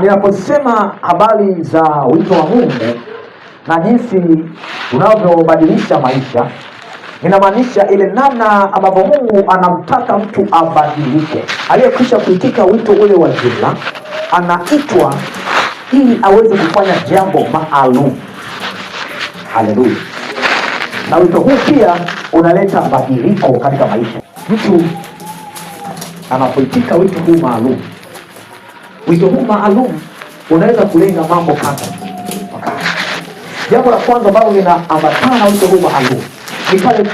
Ninaposema habari za wito wa Mungu na jinsi unavyobadilisha maisha, ninamaanisha ile namna ambavyo Mungu anamtaka mtu abadilike. Aliyekwisha kuitika wito ule wa jumla anaitwa ili aweze kufanya jambo maalum. Haleluya! Na wito huu pia unaleta badiliko katika maisha. Mtu anapoitika wito huu maalum Wito huu maalum unaweza kulenga mambo kadha. Jambo la kwanza ambalo linaambatana na wito huu maalum ni pale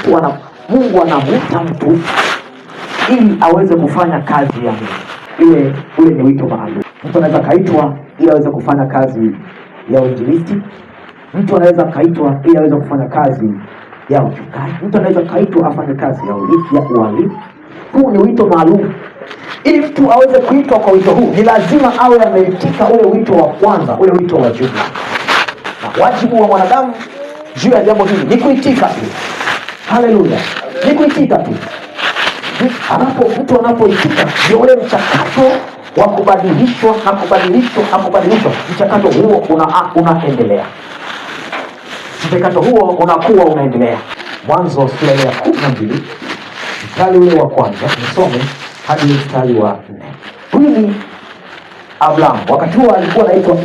Mungu anamuta mtu ili aweze kufanya kazi ya ile. Ule ni wito maalum. Mtu anaweza kaitwa ili aweze kufanya kazi ya uinjilisti. Mtu anaweza kaitwa ili aweze kufanya kazi ya uchungaji. Mtu anaweza kaitwa afanye kazi ya uhalifu. Huu ni wito maalum ili mtu aweze kuitwa kwa wito huu, ni lazima awe ameitika ule wito wa kwanza, ule wito wa juu. Na wajibu wa mwanadamu juu ya jambo hili ni kuitika tu. Haleluya, ni kuitika tu. Anapo mtu anapoitika, ndio ule mchakato wa kubadilishwa na kubadilishwa na kubadilishwa, mchakato huo unaendelea, una mchakato huo unakuwa unaendelea. Mwanzo sura ya kumi na mbili mstari ule wa kwanza nisome hadi mstari wa nne. Huyu ni Abraham, wakati huo alikuwa anaitwa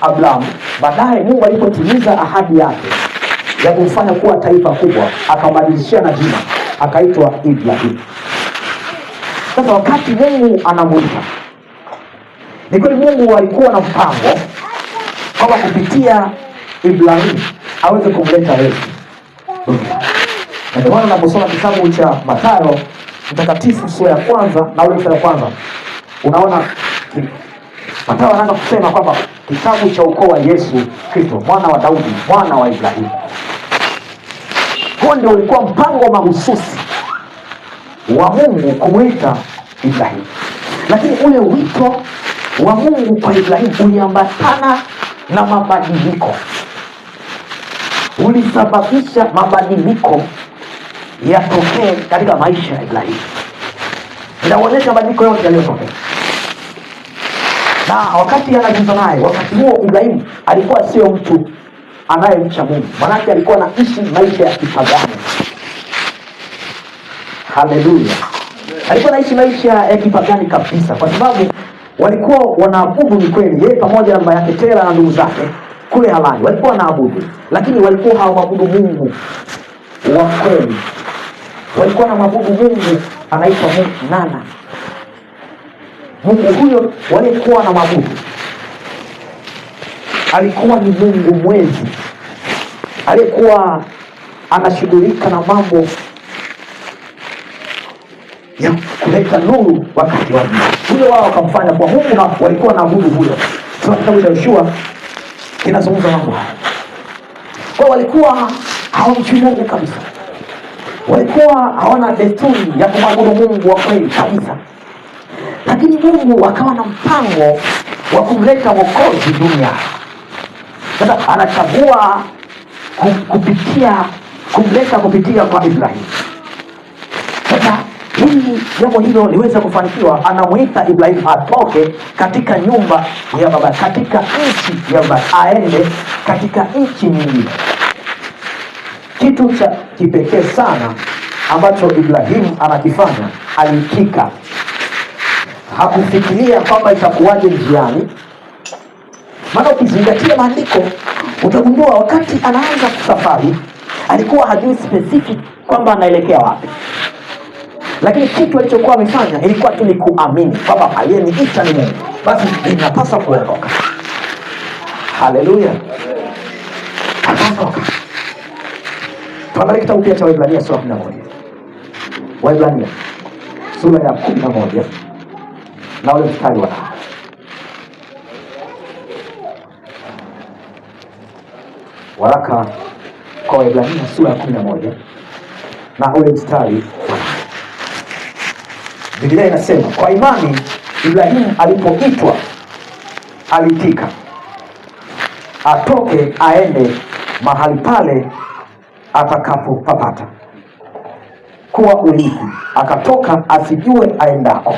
Abraham. Baadaye Mungu alipotimiza ahadi yake ya kumfanya kuwa taifa kubwa, akabadilishia na jina akaitwa Ibrahim. Sasa wakati Mungu anamwita, ni kweli Mungu alikuwa na mpango kwamba kupitia Ibrahim aweze kumleta Yesu, ndio maana unaposoma kitabu cha Mathayo Mtakatifu sura ya kwanza na ule mstari wa kwanza unaona Mathayo anaanza kusema kwamba kitabu cha ukoo wa Yesu Kristo mwana wa Daudi mwana wa Ibrahimu. Huo ndio ulikuwa mpango mahususi wa Mungu kumwita Ibrahimu, lakini ule wito wa Mungu kwa Ibrahimu uliambatana na mabadiliko, ulisababisha mabadiliko yatokee katika maisha ya Ibrahimu. Inaonyesha mabadiliko yote yaliyotokea, na wakati anazungumza naye, wakati huo Ibrahimu alikuwa sio mtu anayemcha Mungu, manake alikuwa ishi maisha ya kipagani. Haleluya! alikuwa ishi maisha ya kipagani kabisa, kwa sababu walikuwa wanaabudu, ni kweli, yeye pamoja na baba yake Tera na ndugu zake kule halani walikuwa wanaabudu, lakini walikuwa hawaabudu Mungu wa kweli. Walikuwa na mabudu Mungu anaitwa Mungu Nana. Mungu huyo walikuwa na mabudu alikuwa ni Mungu mwezi aliyekuwa anashughulika na mambo ya kuleta nuru wakati wa jua Huyo wao wakamfanya kwa Mungu na walikuwa na abudu huyo. Sasa kitabu cha Yoshua kinazungumza mambo haya, kwao walikuwa hawamshindani kabisa. Walikuwa hawana desturi ya kumwabudu Mungu wa kweli kabisa, lakini Mungu akawa na mpango wa kumleta wokozi dunia Sasa anachagua kupitia kumleta kupitia kwa Ibrahimu. Sasa ili jambo hilo liweze kufanikiwa, anamwita Ibrahimu atoke katika nyumba ya baba, katika nchi ya baba, aende katika nchi nyingine kitu cha kipekee sana ambacho Ibrahimu anakifanya, alikika Hakufikiria kwamba itakuwaje njiani, maana ukizingatia maandiko utagundua wakati anaanza safari alikuwa hajui specific kwamba anaelekea wapi, lakini kitu alichokuwa amefanya ilikuwa tu ni kuamini kwamba aliyeniita ni Mungu, basi inapaswa kuondoka. Haleluya, akatoka. Tuangalie kitabu pia cha Waebrania sura 11. Waebrania sura ya kumi na ule mstari wa Waraka kwa Waebrania sura ya 11 na ule mstari wa 8. Biblia inasema kwa imani Ibrahimu alipoitwa alitika atoke aende mahali pale atakapopapata kuwa uliku akatoka asijue aendako.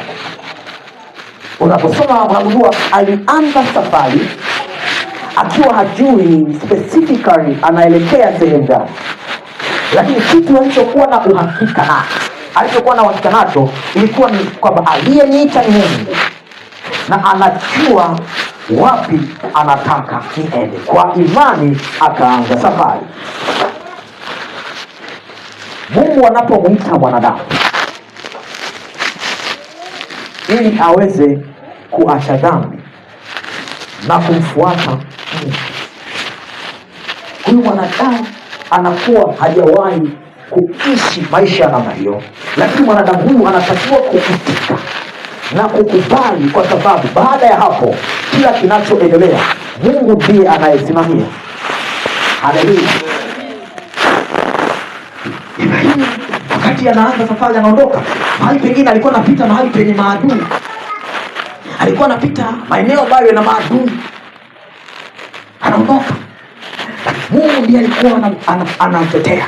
Unaposoma unagundua alianza safari akiwa hajui specifically anaelekea sehemu gani, lakini kitu alichokuwa na uhakika na alichokuwa na uhakika nacho ilikuwa ni kwamba aliyeniita ni Mungu na anajua wapi anataka niende. Kwa imani akaanza safari. Mungu anapomwita mwanadamu ili aweze kuacha dhambi na kumfuata Mungu, huyu mwanadamu anakuwa hajawahi kuishi maisha ya namna hiyo, lakini mwanadamu huyu anatakiwa kukutika na kukubali, kwa sababu baada ya hapo kila kinachoendelea Mungu ndiye anayesimamia. Haleluya! Lakini wakati anaanza safari, anaondoka mahali pengine, alikuwa anapita mahali penye maadui, alikuwa anapita maeneo ambayo yana maadui, anaondoka. Mungu ndiye alikuwa anamtetea,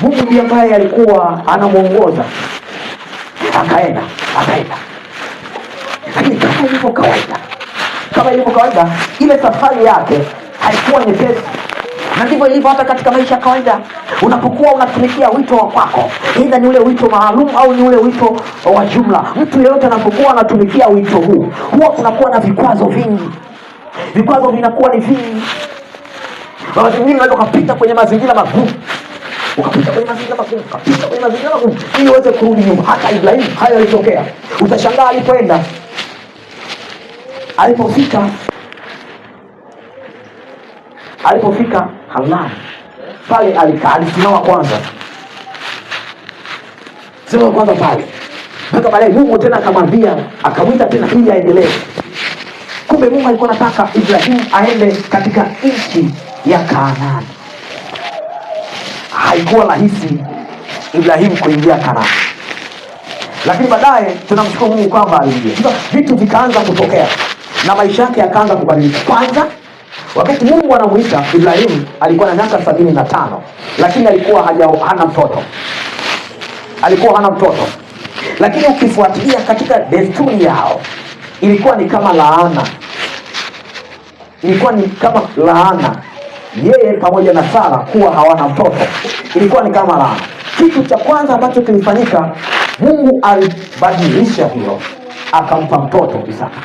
Mungu ndiye ambaye alikuwa anamwongoza, akaenda akaenda. Lakini kama ilivyo kawaida, kama ilivyo kawaida, ile safari yake haikuwa nyepesi na ndivyo ilivyo hata katika maisha ya kawaida unapokuwa unatumikia wito wa kwako aidha ni ule wito maalum au ni ule wito wa jumla mtu yeyote anapokuwa anatumikia wito huu huwa kunakuwa na vikwazo vingi vikwazo vinakuwa ni vingi wakati unaweza ukapita kwenye mazingira magumu ukapita kwenye mazingira magumu ukapita kwenye mazingira magumu ili uweze kurudi nyuma hata ibrahimu hayo yalitokea utashangaa alipoenda alipofika Alipofika Harani pale alikaa, alisimama kwanza, simama kwanza pale mpaka baadaye Mungu tena akamwambia, akamwita tena ili aendelee. Kumbe Mungu alikuwa anataka Ibrahimu aende katika nchi ya Kanaani. Haikuwa rahisi Ibrahimu kuingia Kanaani, lakini baadaye tunamshukuru Mungu kwamba aliingia, vitu vikaanza kutokea na maisha yake yakaanza kubadilika kwanza Wakati Mungu anamuita Ibrahimu alikuwa na miaka sabini na tano lakini alikuwa haja, hana mtoto, alikuwa hana mtoto. Lakini ukifuatilia katika desturi yao ilikuwa ni kama laana, ilikuwa ni kama laana, yeye pamoja na Sara kuwa hawana mtoto, ilikuwa ni kama laana. Kitu cha kwanza ambacho kilifanyika, Mungu alibadilisha hilo, akampa mtoto Isaka.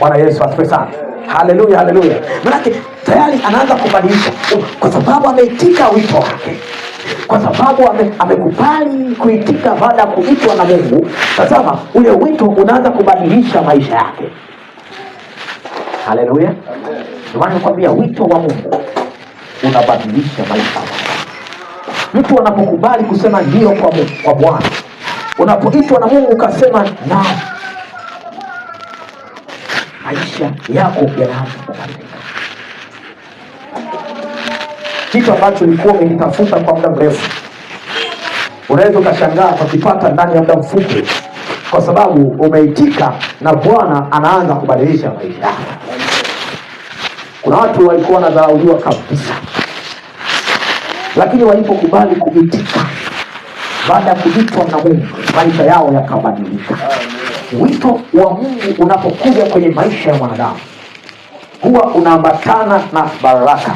Bwana Yesu asifiwe sana. Haleluya, haleluya! Manake tayari anaanza kubadilisha, kwa sababu ameitika wito wake, kwa sababu amekubali kuitika baada ya kuitwa na Mungu. Tazama, ule wito unaanza kubadilisha maisha yake. Haleluya! Ndio nakwambia wito wa Mungu unabadilisha maisha. Mtu anapokubali kusema ndio kwa Bwana, unapoitwa na Mungu ukasema na maisha yako yanaanza kubadilika. Kitu ambacho ulikuwa umekitafuta kwa muda mrefu, unaweza ukashangaa ukakipata ndani ya muda mfupi, kwa sababu umeitika na Bwana anaanza kubadilisha maisha Kuna watu walikuwa wanadharauliwa kabisa, lakini walipokubali kuitika baada ya kujitwa na Mungu, maisha yao yakabadilika. Wito wa Mungu unapokuja kwenye maisha ya mwanadamu huwa unaambatana na baraka,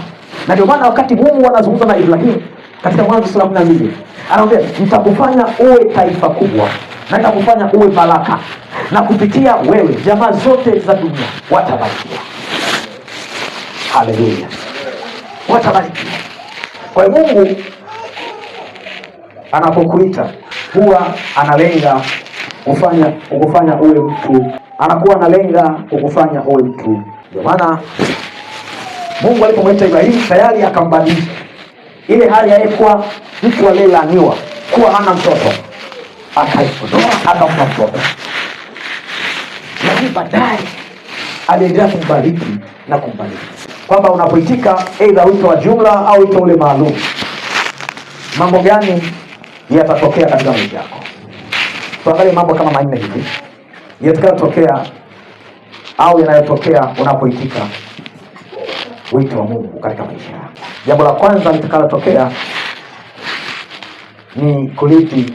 na ndio maana wakati Mungu anazungumza na Ibrahimu katika Mwanzo sura kumi na mbili anamwambia nitakufanya uwe taifa kubwa na nitakufanya uwe baraka, na kupitia wewe jamaa zote za dunia watabarikiwa. Haleluya, watabarikiwa. Kwa Mungu anapokuita huwa analenga kufanya kukufanya uwe mtu, anakuwa analenga kukufanya uwe mtu. Ndio maana Mungu alipomwita Ibrahimu tayari akambadilisha ile hali aliyekuwa mtu aliyelaniwa kuwa hana mtoto, akaipodoa akampa mtoto, lakini baadaye aliendelea kumbariki na kumbariki, kwamba unapoitika aidha wito wa jumla au wito ule maalum, mambo gani yatatokea katika maisha yako tuangalie mambo kama manne hivi yatakayotokea au yanayotokea unapoitika wito wa Mungu katika maisha yako. Jambo la kwanza litakalotokea ni kurithi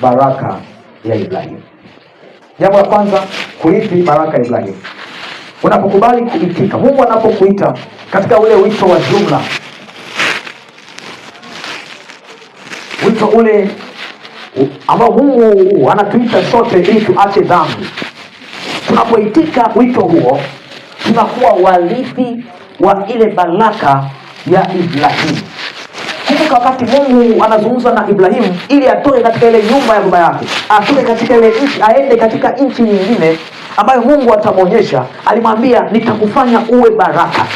baraka ya Ibrahimu. Jambo la kwanza, kurithi baraka ya Ibrahimu. Unapokubali kuitika, Mungu anapokuita katika ule wito wa jumla, wito ule ambao Mungu anatuita sote ili tuache dhambi. Tunapoitika wito huo, tunakuwa warithi wa ile baraka ya Ibrahimu. Kumbuka wakati Mungu anazungumza na Ibrahimu ili atoke katika ile nyumba ya baba yake, atoke katika ile nchi, aende katika nchi nyingine ambayo Mungu atamwonyesha, alimwambia nitakufanya uwe baraka,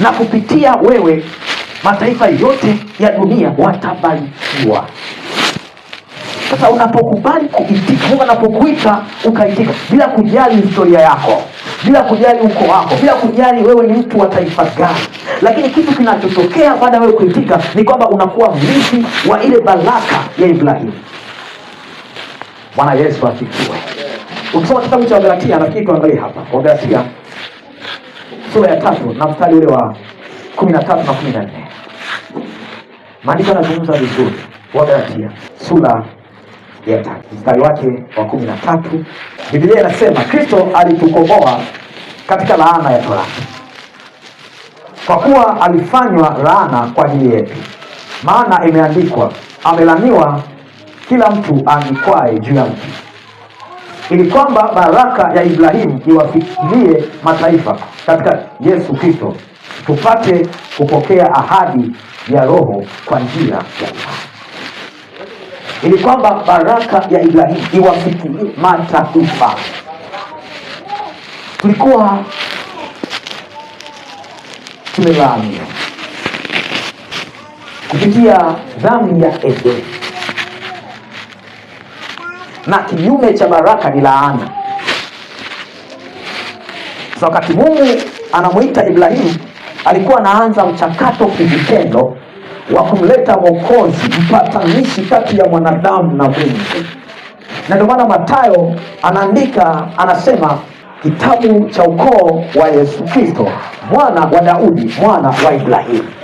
na kupitia wewe mataifa yote ya dunia watabarikiwa. Sasa unapokubali kuitika, Mungu anapokuita ukaitika, bila kujali historia yako, bila kujali uko wako, bila kujali wewe ni mtu wa taifa gani. Lakini kitu kinachotokea baada ya wewe kuitika ni kwamba unakuwa mrithi wa ile baraka ya Ibrahimu. Bwana Yesu afikiwe Ukisoma kitabu cha Wagalatia, nafikiri tuangalie hapa Wagalatia sura ya tatu na mstari ule wa kumi na tatu na kumi na nne maandiko yanazungumza vizuri. Wagalatia sura ya tatu mstari wake wa kumi na tatu Biblia inasema Kristo alitukomboa katika laana ya torati, kwa kuwa alifanywa laana kwa ajili yetu, maana imeandikwa, amelaniwa kila mtu anikwae juu ya mti, ili kwamba baraka ya Ibrahimu iwafikie mataifa katika Yesu Kristo, tupate kupokea ahadi ya Roho kwa njia ya imani ili kwamba baraka ya Ibrahimu iwafikie mataifa. Tulikuwa tumelaaniwa kupitia dhambi ya Edeni, na kinyume cha baraka ni laana. Sasa wakati Mungu anamwita Ibrahimu, alikuwa anaanza mchakato kivitendo wa kumleta Mwokozi, mpatanishi kati ya mwanadamu na Mungu. Na ndio maana Mathayo anaandika, anasema kitabu cha ukoo wa Yesu Kristo, mwana wa Daudi, mwana wa Ibrahimu.